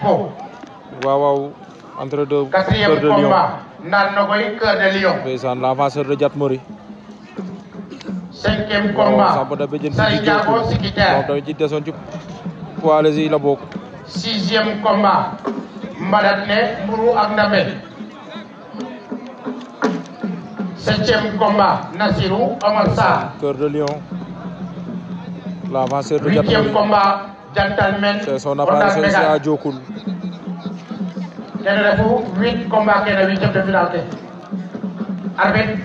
ko. waaw entre deux. quatrième combat naan na koy de lion. ndeysaan l'avanceur de Jatmori. cinquième combat Samba da bëjën Sari Diago Sikiter moom tamit ci desoon ci poids léger la bokk. sixième combat Mbadat ne Mburu ak Ndambe. septième combat Nasirou Omar Sarr. cœur de lion l'avanceur de Jatmori huitième combat. gentlemen a sona pare sen Djokoun. Quel est kene refu huit combat kene huitième de finale ke arbitre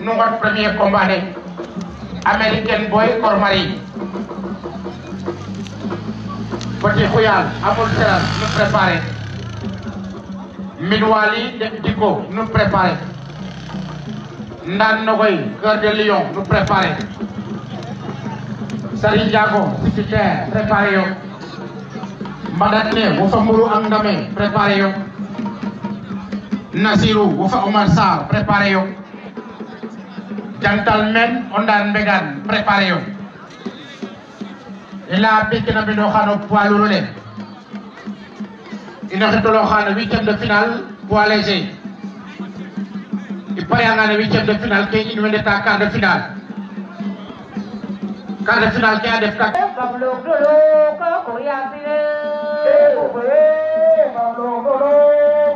nu ngot premier combat ne américain boy Cormari. petit Fouyal, amul nous préparer. préparé midwali de diko nu préparé ndan nogoy cœur de Lyon, nous préparer. Sari Diago secrétaire préparé yo Mbadatne wo fa Mourou ak Ndame préparé yo Nasirou wo fa Oumar Sarr préparé yo Jantal Men Ondan Mbegan préparé yo ila bekina be no xano poids lourd le ina xetolo xano huitième de finale poids léger i pare nga ne huitième de finale ke in wene ta quart de finale Kada suna kya da fka. Bablo golo ko koya sire. Ebukwe bablo golo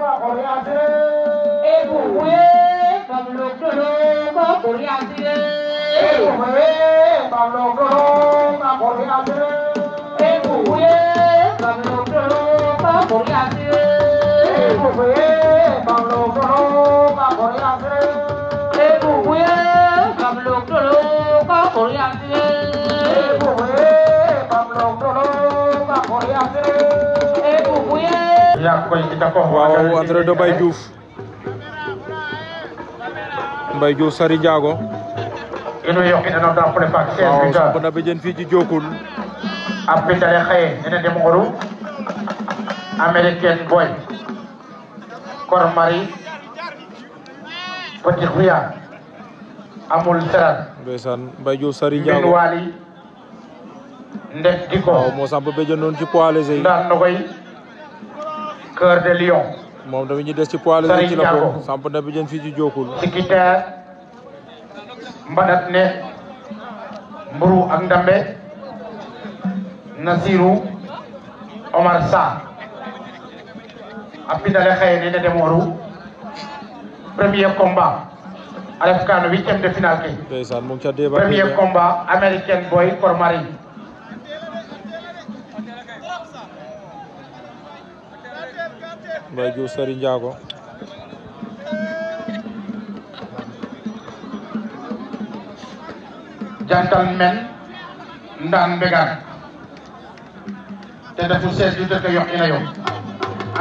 ko koya sire. Ebukwe bablo golo ko koya sire. Ebukwe bablo golo ko koya sire. Ebukwe bablo golo ko koya sire. Ebukwe bablo golo ko koya sire. Ebukwe bablo golo yakoy kita ko waaw entrée de Mbaye Diouf Mbaye Diouf Sary Diago ino yoki na nota pole pak sen na bejen fii ci Jokul api tare xaye ene dem ngoru américaine boy kor mari petit xuya amul serat ndeysaan Mbaye Diouf Sary ndet di ko waaw oh, moo samp béjjën noonu ci poids léger yi daan na koy cœur de lion moom tamit ñu des ci poids ci la ko samp na béjjën fii ci jookul sikitaar mbanat ne mburu ak ndambe nasiru omar sa a pindale xaye ne ne premier combat a ref kaan huitième de finale ke premier combat américaine boy kormari Mbaye jantal men ndaan mbegaan te defu sees yu dëkk yox ina yo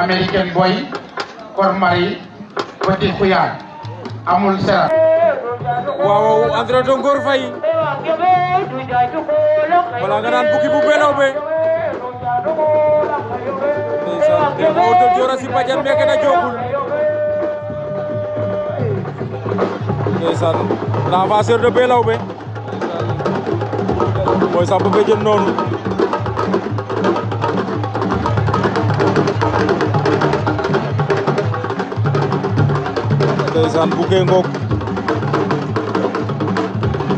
américaine boy kor mari petit xuyaan amul sera waaw André Dongor Faye wala nga naan bukki bu belaw be Modou Diora Sir Badiane meke na Diokoul ndeysaan l'avanceur de Belawbe mooy sa ba jëm noonu ndeysaan bukkee ngoog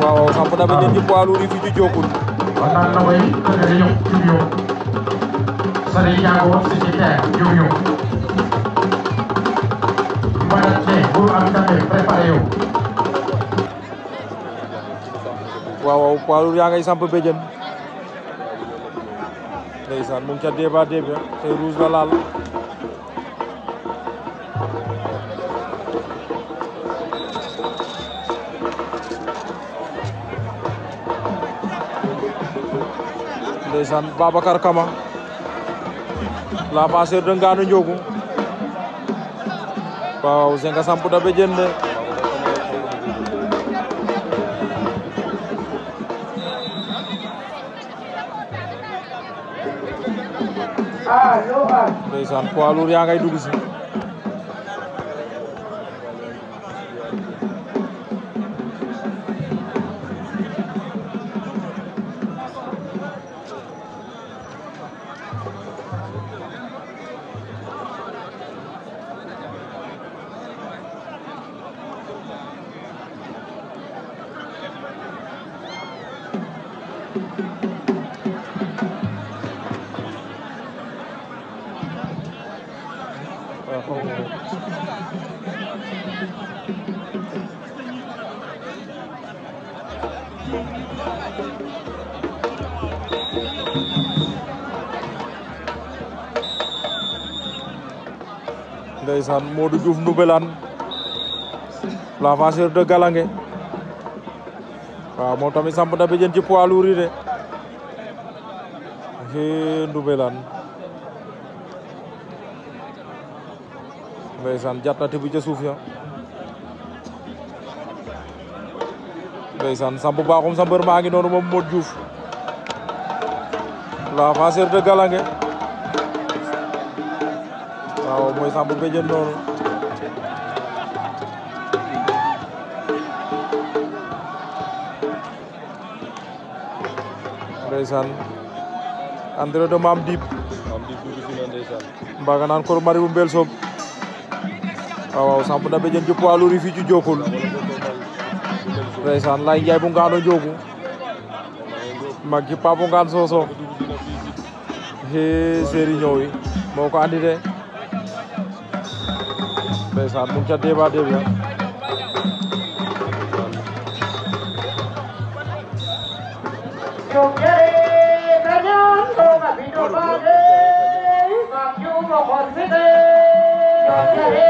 waaw waaw samp na ba jëm ci fi ci Sëriñ Ndiago secrétaire Diouf yow. Mbadate Mbour am tamit yow. waaw waaw poids lourd yaa ngay samp béjjën. ndeysaan mu ngi ca débat débat tey rouge la laal. ndeysaan Babacar Kama. la passeur de Nganu Ndiogu waaw Zenga sampu da be jende ah, ah. ndeysaan poids lourd yaa ngay dugg si ndaysan Modou djouf Diouf la l'avanceur de galangé wa mo tammi samp da bejen ci poids lourd yi de hee Ndoumbélane ndaysan jattati bu ci suuf ya ndaysan samp baaxum sa mbër maa ngi noonu moom Modou Diouf la faceur de galange waaw mooy samp béjën noonu ndaysan André de Mame Dip mbaga naan kor mari bu mbel soob waaw waaw samp na béjën ci poids lourd yi ci Diokoul lại ndeysaan lay njaay bu ngaano njoogu maggi papo ngaan soso he séri ñoowi moo ko andi de ndeysaan mu ngi ca débat déb ya Thank you.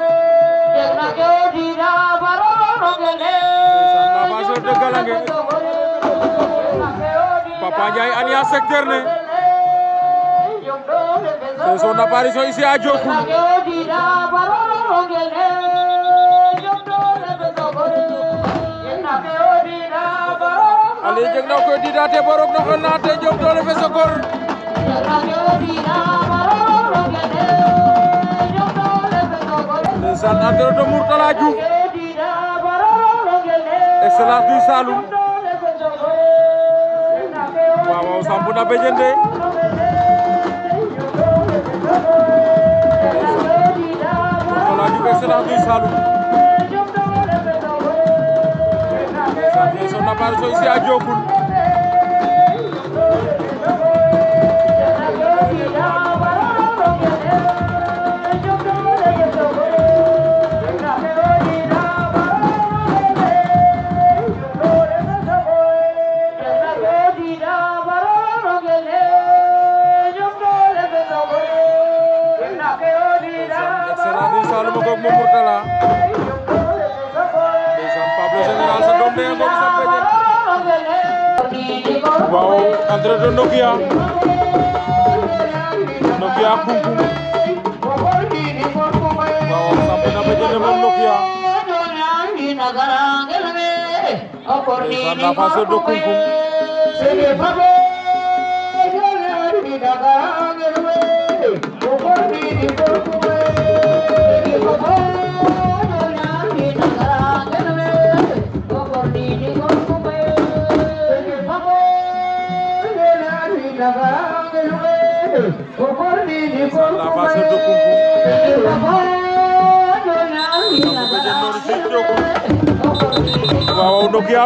Papa Ndiaye alias secteur ne c'est son apparition ici à Diokoul Ali jeg na ko te borok na ko te jom dole fe sokor ndeysaan entraîneur Mourtala Diouf excellence du Saloum waaw waaw sampu na béjende Mourtala Diouf excellence du Saloum ndeysaan son apparition ici à Diokoul ànduma koog moom Mourtala ndeysaan Pablo Général sa doom dee ngoog sam beje waaw André de Nokia Nokia kunkum waaw sampe na beje de moom Nokia ndeysaan la face de kunkum Thank you. waaw Nokia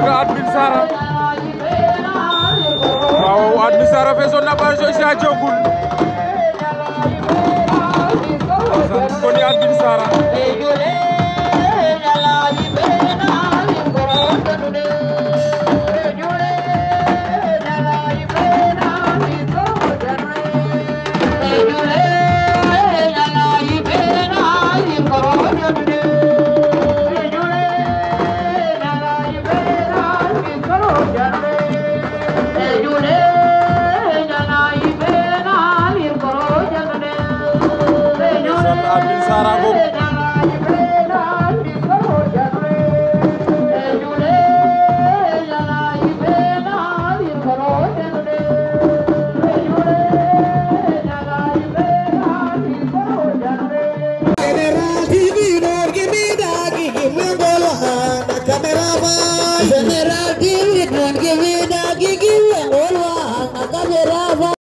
Jordan Admin Sarr